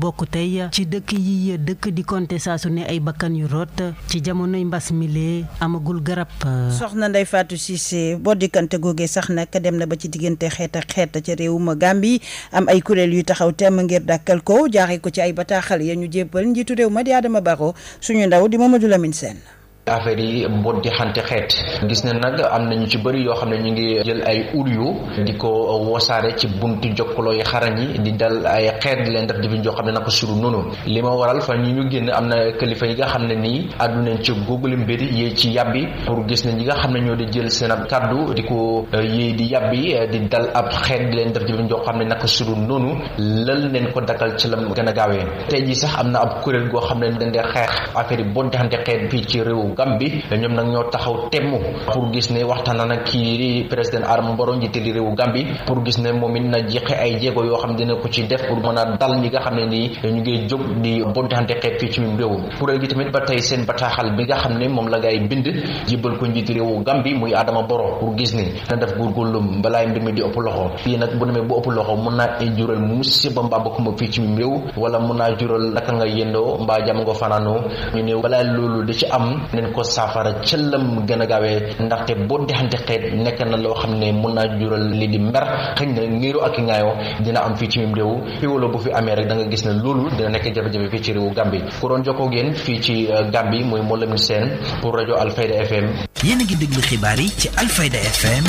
compter saa su ne ay bakkan yu root ci jamonoy mbas milee amagul garab. soxna ndey Fatou Cissé boo dikkante googee sax nak dem na ba ci diggante xeet ak xeet ca réewum Gambie am ay kuréel yu taxaw temm ngir dàkkal ko jaaxee ko ci ay bataaxal ya ñu jébbal njiitu réew ma di Adama Barrow suñu ndaw di Mamadou Lamine Sène affaire yi mbot di xeet gis ne nag am na ñu ci bëri yoo xam ne ñu ngi jël ay audio di ko wasaare ci buntu jokkaloo yi xarañ yi di dal ay xeet di leen def di fi joo xam ne naka suru noonu li ma waral fan yi ñu génn am na kilifa yi nga xam ne nii àdduna ci google mbir yee ci yàbbi pour gis ne ñi nga xam ne ñoo di jël seen ab kàddu di ko euh, yee di yàbbi euh, di dal ab xeet leen def di fi joo xam ne naka suru noonu lal leen ko dakkal ci lam gën a gaawee tey ji sax am na ab kuréel goo xam ne dañ dee xeex affaire yi bot xeet fii ci réew réewu Gambie ñoom nag ñoo taxaw temm pour gis ne waxtaan na kii di président Adama Barrow njiitu di réewu Gambie pour gis ne moom it na jeexe ay jéego yoo xam dina ko ci def pour mën a dal ñi nga xam ne nii ñu ngi jóg di bontante xeet fii ci mim réew kuréel gi tamit ba tey seen bataaxal bi nga xam ne moom la ngay bind jibal ko njiitu réewu Gambie muy Adama Barrow pour gis ne na def góorgóorlu balaay mbir mi di ëpp loxo fii nag bu demee bu ëpp loxo mun naa e jural musiba mbaa bokk ma fii ci mim réew wala mun naa jural naka nga yëndoo mbaa jàmm nga fanaanoo ñu ne balaa loolu di ci am nañ ko saafara ca lam gën a gaawee ndaxte boo dexante xeet nekk na loo xam ne mun naa jural li di mer xëñ na ngiru ak ngaayoo dina am fii ci mim réew féewaloo bu fi amee rek da nga gis ne loolu dina nekk jafe-jafe fii ci réewu Gambie ku doon jokkoo géen fii ci euh, Gambie mooy Mo Lamine seen pour rajo Alfayda FM yéen a ngi déglu xibaar yi ci Alfayda FM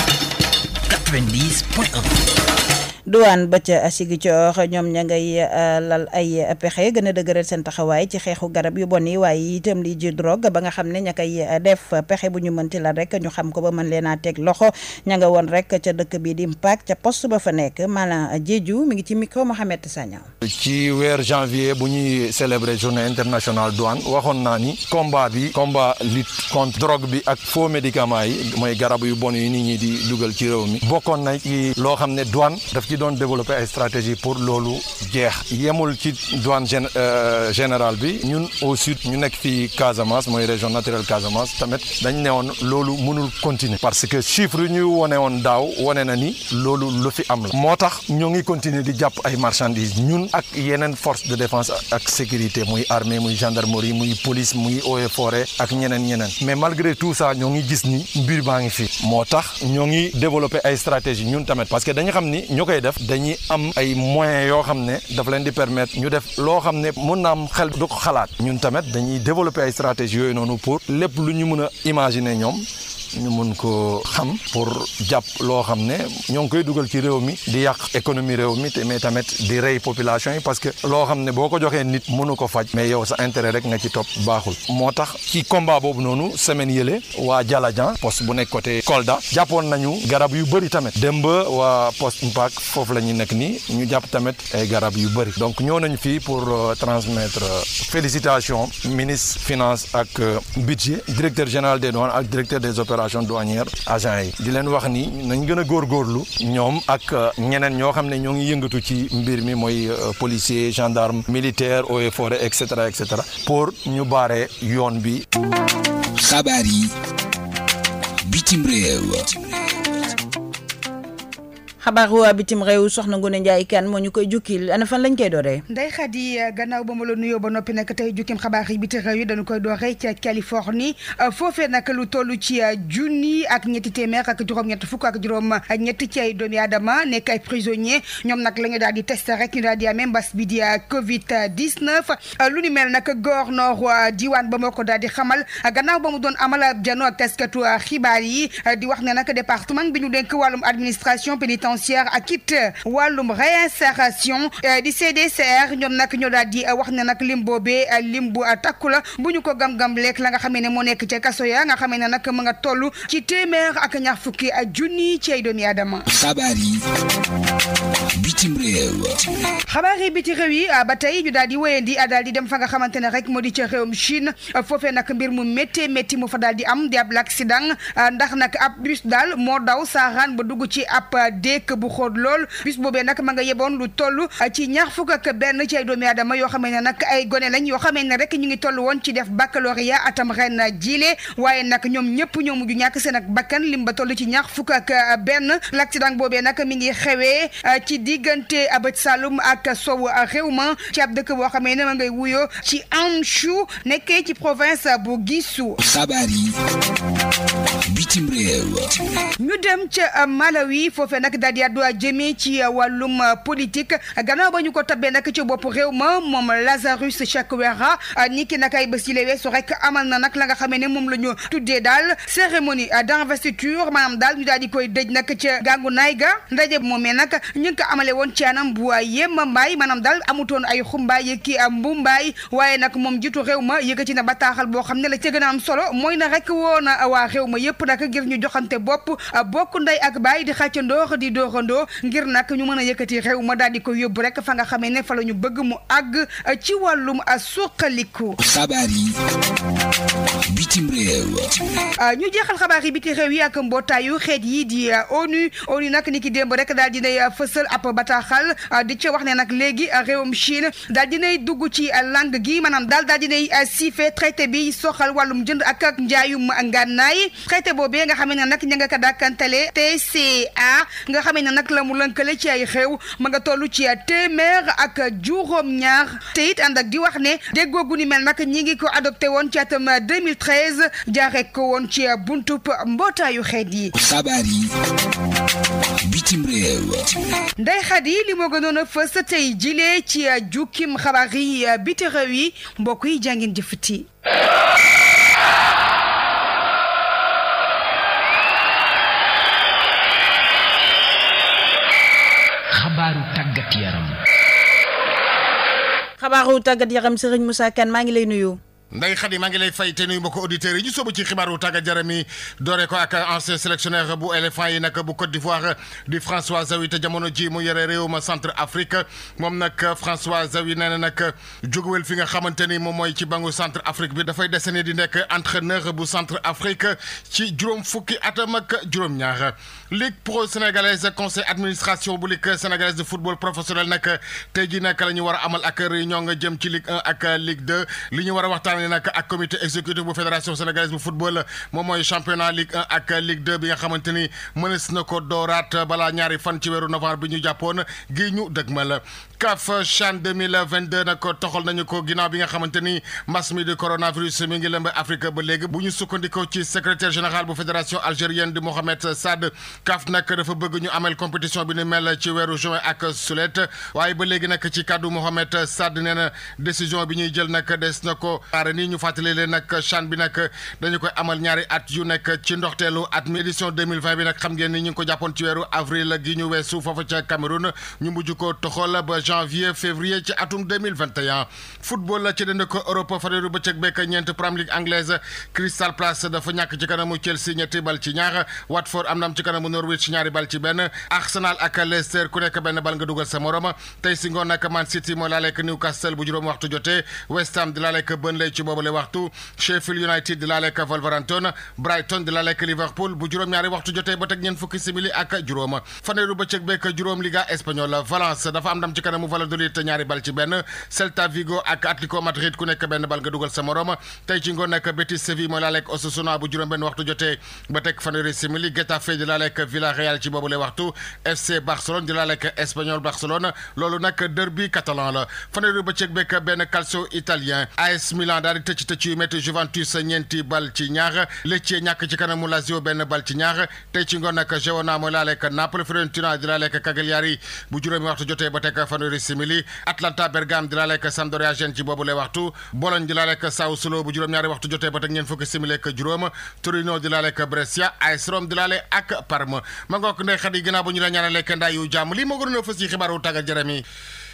duwaan ba ca Ziguinchor ñoom ña ngay euh, lal ay pexe gën a dëgëral seen taxawaay ci xeexu garab yu bon yi waaye itam lii ji drogue ba nga xam ne ña koy euh, def pexe bu ñu mënti la rek ñu xam ko ba mën leen teg loxo ña nga woon rek ca dëkk bi di impact ca poste ba fa nekk Malang jeju mu ngi ci micro Mohamed Sagna. ci weer janvier bu ñuy célébrer journée international douane waxoon naa ni combat bi combat lutte contre drogue bi ak foo médicaments yi mooy garab yu bon yi nit ñi di dugal ci réew mi na ci loo xam ne douane gi doon développé ay stratégie pour loolu jeex yemul ci douane euh, générale bi ñun au sud ñu nekk fii Casamance mooy région naturelle Casamance tamit dañ ne woon loolu mënul continuer parce que chiffre yi ñu wone woon daaw wone na ni loolu lu fi am la moo tax ñoo ngi continuer di jàpp ay marchandise ñun ak yeneen force de défense ak sécurité muy armée muy gendarmerie muy police muy eaux et forêt ak ñeneen ñeneen mais malgré tout sax ñoo ngi gis ni mbir baa ngi fi moo tax ñoo ngi développé koy def dañuy am ay moyens yoo xam ne daf leen di permettre ñu def loo xam ne mën na am xel du xalaat ñun tamit dañuy développer ay stratégies yooyu noonu pour lépp lu ñu mën a imaginer ñoom ñu mun ko xam pour jàpp loo xam ne ñoo ngi koy dugal ci réew mi di yàq économie réew mi te mais tamit di rey population yi parce que loo xam ne boo ko joxee nit mënu ko faj mais yow sa intérêt rek nga ci topp baaxul moo tax ci combat boobu noonu semaine yële waa Jalajan poste bu nekk côté Kolda jàppoon nañu garab yu bëri tamit dem ba waa poste Mpaak foofu la ñu nekk nii ñu jàpp tamit ay garab yu bëri donc ñoo nañ fii pour euh, transmettre euh, félicitations ministre finance ak euh, budget directeur général des douanes ak directeur des opérations opération douanière agent yi di leen wax ni nañ gën a góorgóorlu ñoom ak euh, ñeneen ñoo xam ne ñoo ngi yëngatu ci mbir mi mooy euh, policier gendarme militaire eaux et forêt et cetera et cetera pour ñu bare yoon bi xabaar yi bitim réew xabaaru bitim réew soxna Ngoné Ndiaye Kane moo ñu koy jukkil ana fan lañ koy dooree nday Xadi gannaaw ba ma la nuyoo ba noppi nag tey jukkim xabaar yi bitim réew yi dañu koy dooree ca Californie foofee nag lu toll ci euh, junni ak ñetti téeméer ak juróom-ñett fukk ak juróom ñetti ci ay doomi aadama nekk ay prisonnier ñoom nag la ñu daal di testé rek ñu daal di amee mbas bi di euh, Covid 19 lu ni mel nag gouverneur diwaan ba moo ko daal di xamal gannaaw ba mu doon amal ab jano euh, yi di wax ne nag département bi ñu dénk wàllum administration pénitentiaire pénitentiaire ak it euh, wàllum réinsertion euh, di CDCR ñoom nag ñoo daal di euh, wax ne nag lim boobee lim bu takku la bu ko gam-gam lekk la nga xamee ne moo nekk ca kaso ya nga xamee ne nag mu nga toll ci téeméer ak ñaar fukki ak junni ci ay doomi aadama. xabaar yi bitim réew. xabaar yi bitim yi ba tey ñu daal di wéyandi daal di dem fa nga xamante ne rek moo di ca réewum Chine foofee nag mbir mu méttee métti mu fa daal di am di ab a ndax nag ab bus daal moo daw saaraan ba dugg ci ab déeg nekk bu xóot lool bis boobee nag ma nga yeboon lu toll ci ñax fukk ak benn ci ay doomi aadama yoo xamee ne nag ay gone lañ yoo xamee ne rek ñu ngi toll woon ci def baccalauréat atam ren jiile waaye nag ñoom ñëpp ñoo mujj ñàkk seen ak bakkan lim ba toll ci ñaar fukk ak benn l'accident boobee nag mi ngi xewee ci diggante abaj Saloum ak sow réew ma ci ab dëkk boo xamee ne ma ngay wuyo ci Anchou nekkee ci province bu Guissou. xabaar yi. bitim réew ñu dem ca euh, Malawi foofee nag daal di àddu jëmee ci euh, wàllum euh, politique gannaaw ba ñu ko tabbee nak ci bopp réew ma moom Lazarus Chakwera ni ki nag ay bés yi la weesu rek amal na nag la nga xamee ne moom la ñu tuddee daal cérémonie d'investiture maanaam daal ñu daal di koy dëj nag ca gàngu naay ga ndaje moomee nag ñu ngi ko amale woon ci anam bu yemma mbaay maanaam daal amutoon ay xumbaay ki mbumbaay waaye nag moom jiitu réew ma yëkkati na bataaxal boo xam ne la ci gën a am solo mooy na rek woon a réew ma yëpp nag nag ngir ñu joxante bopp bokk ndey ak baay di xàccandoo di dooxandoo ngir nag ñu mën a yëkkati réew ma daal di ko yóbbu rek fa nga xamee ne fa la bëgg mu àgg ci wàllum suqaliku. xabaar yi ñu jeexal xabaar yi bitim yi ak mbootaayu xeet yi di uh, ONU ONU nag ni ki démb rek daal dinay uh, fësal ab bataaxal uh, di ca wax ne nag léegi réewum Chine daal dinay dugg ci langue gi maanaam dal daal dinay siifee traité bi soxal wàllum jënd ak ak njaayum ngànnaay traité boobu boobee nga xamee ne nag ña nga ko dàkkantalee TCA nga xam ne nag la mu lënkale ci ay xew ma nga tollu ci téeméer ak juróom-ñaar te it ànd ak di wax ne déggoo gu mel nag ñi ngi ko adopté woon ci atum 2013 jaaree ko woon ci buntub mbootaayu xeet yi. xabaar yi bitim réew. Ndeye Khady li moo gënoon a fës tey jilee ci jukkim xabaar yi biti réew yi mbokk yi jàngin jëfati. tàggat yaram. xabaaru tàggat yaram Serigne Moussa Kane maa ngi lay nuyu. Ndeye Khady maa ngi lay fay te nuyu mbokki auditeurs yi ñu sóobu ci xibaaru tàggat yaram yi doore ko ak ancien sélectionneur bu éléphant yi nag bu Côte d'Ivoire di François Zawi te jamono ji mu yore ma centre Afrique moom nag François Zawi nee na nag jógewel fi nga xamante ni moom mooy ci bangu centre Afrique bi dafay desene di nekk entraîneur bu centre Afrique ci juróom fukki atam ak juróom-ñaar. ligue pro sénégalaise conseil administration bu ligue sénégalaise de football professionnel nag tey jii nag la ñu war a amal ak réunion nga jëm ci ligue 1 ak ligue 2 li ñu war a waxtaanee nag ak comité exécutif bu fédération sénégalaise bu football moom mooy championnat ligue 1 ak ligue bi nga xamante ni mënees na ko dooraat balaa ñaari fan ci weeru novembre bi ñu jàppoon gi ñu dëgmal CAF CHAN 2022 nag toxal nañu ko ginnaaw bi nga xamante ni mbas mi di ba léegi bu ñu sukkandikoo ci secrétaire général bu fédération algérienne di Mohamed Saad CAF nag dafa bëgg ñu amal compétition bi ni mel ci weeru juin ak sulet waaye ba léegi nag ci kàddu Mohamed Sadd nee na décision bi ñuy jël nag des na ko aare ni ñu fàttali leen nag CHAN bi nag dañu koy amal ñaari at yu nekk ci ndoxteelu at mi édition 2020 bi nag xam ngeen ni ñu ngi ko jàppoon ci weeru avril gi ñu weesu foofa ca Cameroun ñu mujj ko toxal ba janvier février ci atum 2021 football la ci dend ko Europe fareeru bëccëg bekk ñeent Premier League anglaise Crystal Palace dafa ñàkk ci kanamu Chelsea ñetti bal Norwich ñaari bal ci benn Arsenal ak Leicester ku nekk benn bal nga dugal sa tey si ngoon nag Man City moo laaleeg Newcastle bu juróom waxtu jotee West Ham di laaleeg Burnley ci boobule waxtu Sheffield United di laaleeg Wolverhampton Brighton di laaleeg Liverpool bu juróom-ñaari waxtu jotee ba teg ñeent fukki simili ak juróom faneeru bëccëg beek juróom Liga espagnole Valence dafa am ndam ci kanamu Valladolid te ñaari bal ci bal ci ngoon ak Villarreal ci boobu lay waxtu FC Barcelone di laale ak Espagnol Barcelone loolu nag derby catalan la faneeru bëccëg bekk benn calcio italien AS Milan daal di tëcc tëcc Juventus ñeenti bal ci ñaar Lecce ñàkk ci kanamu Lazio benn bal ci ñaar tey ci ngoon nag Girona mooy laale ak Naples Fiorentina di laale ak Cagliari bu juróomi waxtu jotee ba teg faneeru simili Atlanta Bergame di laale ak Sampdoria ci boobu lay waxtu Bologne di laale jàmm ma ngook ndey xat yi gannaaw ba ñu la ñaanalee kenn daay yu jàmm li moo gënoon a fës ci xibaaru tàggat yaram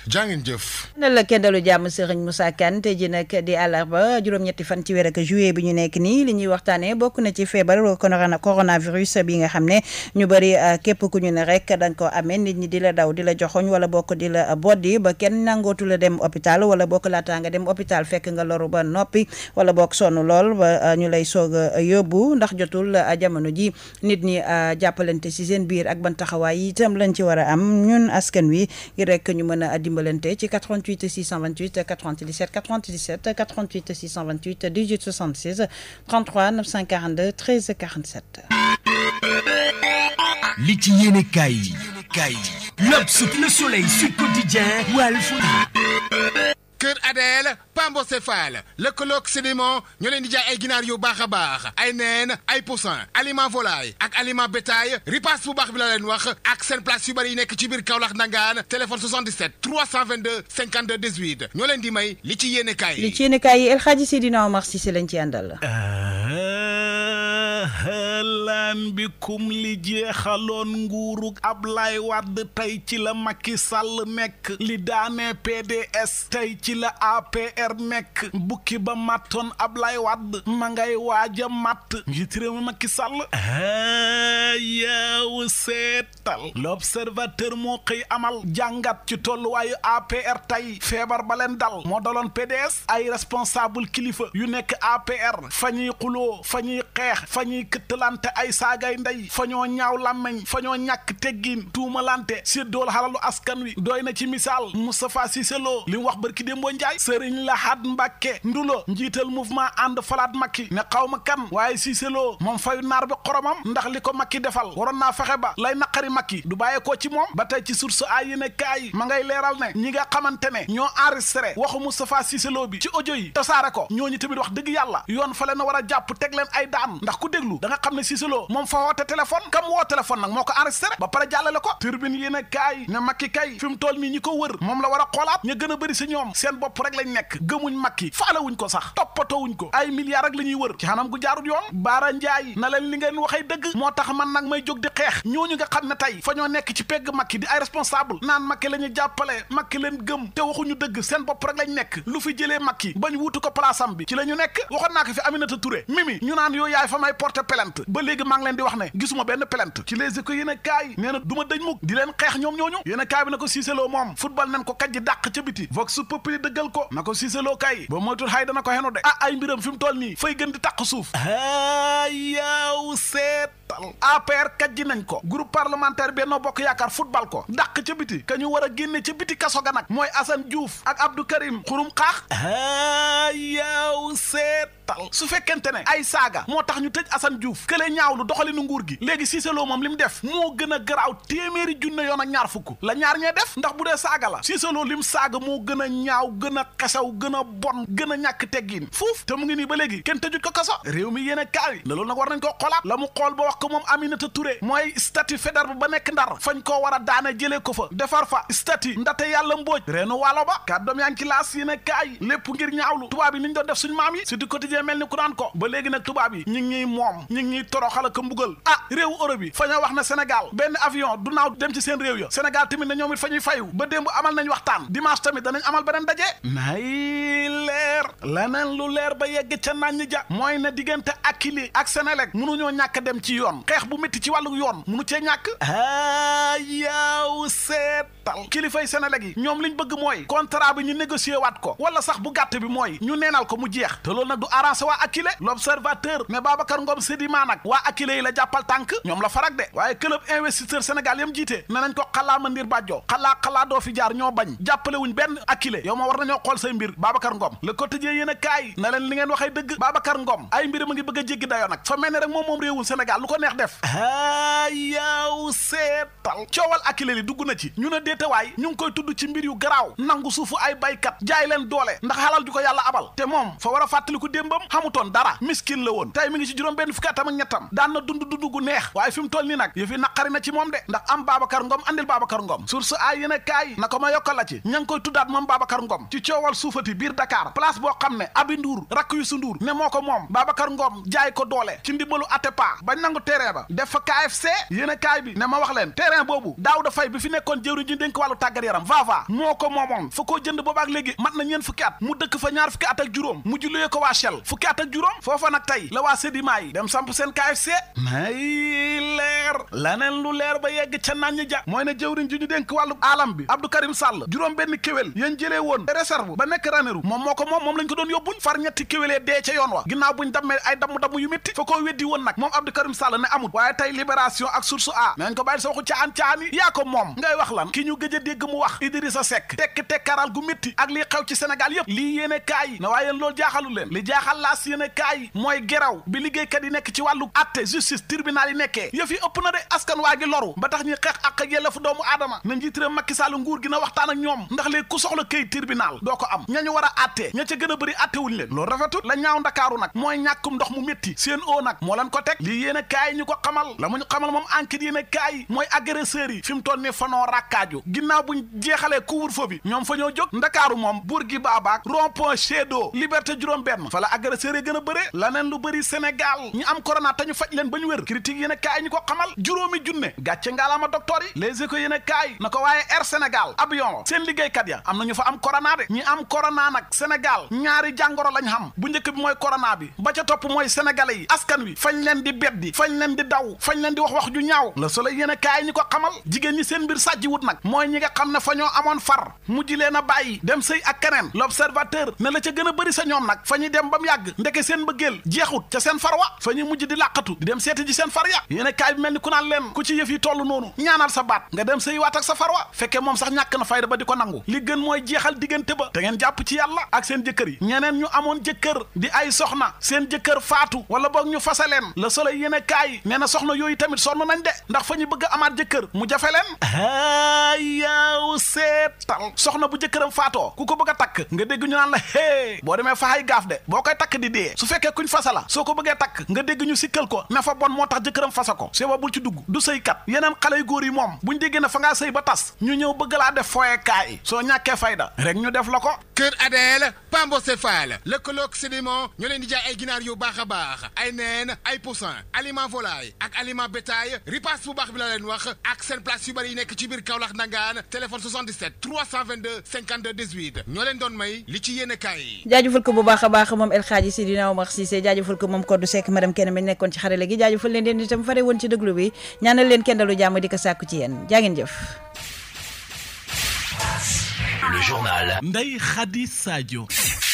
jaa ngeen jëf. na la kendalu jàmm Serigne mu Kane te ji nag di àllarba juróom-ñetti fan ci weer ak bi ñu nekk nii li ñuy waxtaanee bokk na ci feebar coronavirus bi nga xam ne ñu bari euh, képp ku ñu ne rek da nga ko amee nit ñi di la daw di la joxoñ wala bokk di la boddi ba kenn nangootu la dem hôpital wala bokk laataa nga dem hôpital fekk nga loru ba noppi wala bokk sonn lool ba euh, ñu lay soog euh, yóbbu ndax jotul jamono ji nit ñi jàppalante si seen biir ak ban taxawaay itam lañ ci war a am ñun askan wi dimbalante ci 88 628 97 97 88 628 18 76 33 942 13 47. li ci yéene kaay yi kaay yi. L'Obs, Le Soleil, Sud Quotidien, Walf. Kër Adel Pambo Céphale lëkkaloog sédiment ñoo leen di jaay ay ginaar yu baax a baax ay neen ay poussin aliment volaille ak aliment bétail ripaas bu baax bi la leen wax ak seen place yu bëri yi nekk ci biir Kaolack Ndangaan téléphone 77 322 52 18 ñoo leen di may li ci yéene kaay yi. li ci yéene kaay yi El Hadji Seydina Omar Cissé lañ ci àndal. Ah, ah, ah. ahlan bikum li jeexaloon nguurug Ablaay wadd tey ci la makki Sall mekk li daanee PDS tey ci la APR mekk bukki ba màttoon Ablaay Wàdd ma ngay waaja màtt njiit réew mi Macky Sall yaaw seetal l'observateur moo xëy amal jàngat ci tolluwaayu APR tey feebar ba leen dal moo daloon PDS ay responsable kilifa yu nekk APR fa xuloo fa xeex fa ñuy këttala tuumalante ay saagay ndey fa ñoo ñaaw làmmeñ fa ñoo ñàkk teggiin tuumalante séddool xalalu askan wi doy na ci misaal Moustapha Cissé Lo li mu wax barki démboo Njaay sëriñ Lahad Mbàkke ndulo njiital mouvement ànd falaat Macky ne xaw ma kan waaye Cissé Lo moom fay naar bi xoromam ndax li ko Macky defal waroon naa fexe ba lay naqari Macky du bàyyeekoo ci moom ba tey ci source ay yéene kaay ma ngay leeral ne ñi nga xamante ne ñoo enregistré waxu Moustapha Cissé Lo bi ci ojo yi tasaare ko ñooñu tamit wax dëgg yàlla yoon fa leen a war a jàpp teg leen ay daan ndax ku xam ne Cissé moom fa woote téléphone kam woo téléphone nag moo ko enregistré ba pare jàllale ko turbine yéen a kaay ne Macky kay fi mu toll ñi ko wër moom la war a xoolaat ña gën a bëri si ñoom seen bopp rek lañ nekk gëmuñ Macky faalewuñ ko sax toppatowuñ ko ay milliards rek la ñuy wër ci xanam gu jaarut yoon Baara Ndiaye na leen li ngeen waxee dëgg moo tax man nag may jóg di xeex ñu nga xam ne tey fa ñoo nekk ci pegg Macky di ay responsable naan Macky la ñu jàppale Macky leen gëm te waxuñu dëgg seen bopp rek lañ nekk lu fi jëlee Macky bañ wutu ko place am bi ci la ñu nekk waxoon naa ko fi Aminata Touré mimi ñu naan yooyu yaay fa may porter plainte ba léegi maa leen di wax ne gisuma benn plainte ci les écoles yéen a kaay nee na du ma dëñ mukk di leen xeex ñoom ñooñu yéen a kaay bi na ko siiseloo moom football nañ ko kajji dàq ca biti vox populi dëggal ko na ko siiseloo kaay ba moytul xay dana ko xenu de ah ay mbiram fi nii fay gën di tàq suuf aa yaw seet tal APR kajji nañ ko groupe parlementaire Benno Bokk Yaakaar football ko dàq ca biti ka ñu war a génne ca biti kaso ga nag mooy Assane Diouf ak Abdou Karim xurum xaax a yow seetal su fekkente ne ay saaga moo tax ñu tëj Assane Diouf kële ñaawlu doxalinu nguur gi léegi Cissé Lo moom li mu def moo gën a garaaw téeméeri junne yoon a ñaar fukk la ñaar ñee def ndax bu dee saaga la Cissé Lo lim saaga moo gën a ñaaw gën a xesaw gën a bon gën a ñàkk teggiin fuuf te mu ngi nii ba léegi kenn tëjut kaso réew mi yéen a kaay la loolu ko xolaat la mu xool ba jox ko moom Aminata Touré mooy statut Faidherbe ba nekk Ndar fañ koo war a daane jëlee ko fa defar fa statut ndate yàlla mbooj reenu wàllo ba kàddoom yaa ngi ci laas yi ne kaay lépp ngir ñaawlu tubaab yi li ñu doon def suñu maam yi su du quotidien mel ni ku naan ko ba léegi nag tubaab yi ñi ngi ñuy moom ñi ngi ñuy toroxal ak mbugal ah réewu Europe fa ñoo wax na Sénégal benn avion du naaw dem ci seen réew ya Sénégal tamit na ñoom it fa ñuy fayu ba démb amal nañ waxtaan dimanche tamit danañ amal beneen daje nay leer lu leer ba yegg ca nañ ja mooy ne diggante Akilee ak Senelec mënuñoo ñàkk dem ci yoon xeex bu métti ci wàllu yoon munu cee ñàkk a ah, yaaw seetal kilifay Senelec yi ñoom liñ bëgg mooy contrat bi ñu négocier waat ko wala sax bu gàtt bi mooy ñu neenal ko mu jeex te loolu nag du arrangé waa Akile l'observateur ne Babacar Ngom Sedima nag waa Akile yi la jàppal tànk ñoom la farag de waaye club investisseur Sénégal yam jiite ne nañ ko xalaa ma ndir bàjjoo xalaa xalaa doo fi jaar ñoo bañ jàppale wuñ benn Akile yow ma war nañoo xool say mbir Babacar Ngom le quotidien yéen a kaay na leen li ngeen waxee dëgg Babacar Ngom ay mbir ma ngi bëgg a jéggi ne rek moom moom réewum Sénégal ko neex def a ah, yaaw seetal coowal Akilee dugg na ci ñu ne déetawaay ñu ngi koy tudd ci mbir yu garaaw nangu suufu ay baykat jaay len doole ndax xalal ju ko yàlla abal te moom fa war a fàttaliku démbam xamutoon dara miskin la woon tey mi ngi ci juróom benn fukki atam ak ñettam daan na dund dund gu neex waaye fi mu toll nii nag yëfi naqari na ci moom de ndax am Babacar Ngom andil Babacar Ngom source ay a ngi koy tuddaat moom Babacar Ngom ci coowal suufati biir Dakar place boo xam ne Abi Ndour rakk su Ndour ne moo ko moom Babacar Ngom jaay ko doole ci ndimbalu terrain ba def fa KFC yéen a kaay bi ne ma wax leen terrain boobu daaw dafay bi fi nekkoon jëwriñ ji dénk wàllu tàggat yaram vaava moo ko moomoon fa koo jënd boobaak léegi mat na ñeen fukki at mu dëkk fa ñaar fukki at ak juróom mu jullee ko waa Shell fukki at ak juróom foofa nag tey la waa Sedima yi dem samp seen KFC may leer laneen lu leer ba yegg ca naan ñi ja mooy ne jëwriñ ji ñu alam bi Abdou Karim juróom benn kéwél yéen jëlee woon réserve moo wa ginnaaw buñ dammee ay damm-damm yu métti fa koo weddi woon nag moom Abdou Karim Sall dara ne amut waaye tey libération ak source a nañ ko bàyyi sa waxu caaxaan caaxaan yi yaa ko moom ngay wax lan ki ñu gëj a dégg mu wax Idrissa Seck tekk tekkaaral gu métti ak lii xew ci Sénégal yépp lii yéene kaay ne waaye loolu jaaxalu leen li jaaxal laas yéene kaay mooy geraw bi liggéeykat yi nekk ci wàllu atte justice tribunal yi nekkee yëf yi ëpp na de askan waa gi loru ba tax ñuy xeex ak ak yelleefu doomu aadama na njiit réew Macky Sall nguur gi na waxtaan ak ñoom ndax léegi ku soxla këy tribunal doo ko am ñañu war a atte ña ca gën a bëri atte wuñ leen loolu la ñaaw ndakaaru nag mooy ñàkkum ndox mu métti seen oo nag ko kaay ñu la mu ñu xamal moom enquête yéen a kaay mooy agresseurs yi fi mu toon ni fanoo rakkaaju ginnaaw buñ jeexalee couvre-feu bi ñoom fa ñoo jóg ndakaaru moom Bourguiba baabaak rond-point Chéddo liberté juróom benn fa la agresseurs yi gën a bëre laneen lu bëri Sénégal ñu am corona te ñu faj leen ba ñu wér critique yéen a kaay ñu ko xamal juróomi junne gàcce ngaalaama docteur yi les échos yéen a kaay na ko waaye Air Sénégal avion seen liggéeykat ya am na ñu fa am corona de ñi am corona nag Sénégal ñaari jàngoro lañ xam bu njëkk bi mooy corona bi ba ca topp mooy sénégalais yi askan wi fañ leen di beddi fañ fañ leen di daw fañ leen di wax wax ju ñaaw la solo yéen a kaay ñi ko xamal jigéen ñi seen mbir sàjji wut nag mooy ñi nga xam ne fa ñoo amoon far mujj leen a bàyyi dem sëy ak keneen l'observateur ne la ca gën a bëri sa ñoom nag fa ñuy dem ba mu yàgg ndeke seen bëggeel jeexut ca seen far wa fa ñuy mujj di làqatu di dem seeti ji seen far ya yéen a kaay bi mel ni ku naan leen ku ci yëf yi toll noonu ñaanal sa baat nga dem sëy waat ak sa far wa fekkee moom sax ñàkk na fayda ba di ko nangu li gën mooy jeexal diggante ba te ngeen jàpp ci yàlla ak seen jëkkër yi ñeneen ñu amoon jëkkër di ay soxna seen wala boog ñu fasaleen la solo yéen a waay nee na soxna yooyu tamit sonn nañ de ndax fa ñu bëgg a amaat jëkkër mu jafe leen ayaw seetal soxna bu jëkkëram faatoo ku ko bëgg a takk nga dégg ñu naan la hee boo demee faxay gaaf de boo koy takk di dee su fekkee kuñ fasa la soo ko bëggee takk nga dégg ñu sikkal ko na bon moo tax jëkkëram fasa ko soo ba bul ci dugg du sëykat yeneen xale yu góor yi moom buñ déggee na fa ngaa sëy ba tas ñu ñëw bëgg laa def fooyekaay soo ñàkkee fayda rek ñu def la ko Kër a se Adel lëkk Céphale lëkkaloog Sédiment ñu leen di jaay ay ginaar yu baax a baax ay neen ay poussin aliment volaille ak aliment bétail ripaas bu baax bi la leen wax ak seen place yu bëri yi nekk ci biir Kaolack nangaan téléphone 77 322 52 18 ñoo leen doon may li ci yéene kaay yi jaajëfal bu baax a baax moom El Hadji Sidina Omar Cissé jaajëfal ko moom Kodou Seck madame kenn mi nekkoon ci xarale gi jaajëfal leen leen itam fare woon ci déglu bi ñaanal leen kenn dalu jàmm di sàkku ci yéen jaa jëf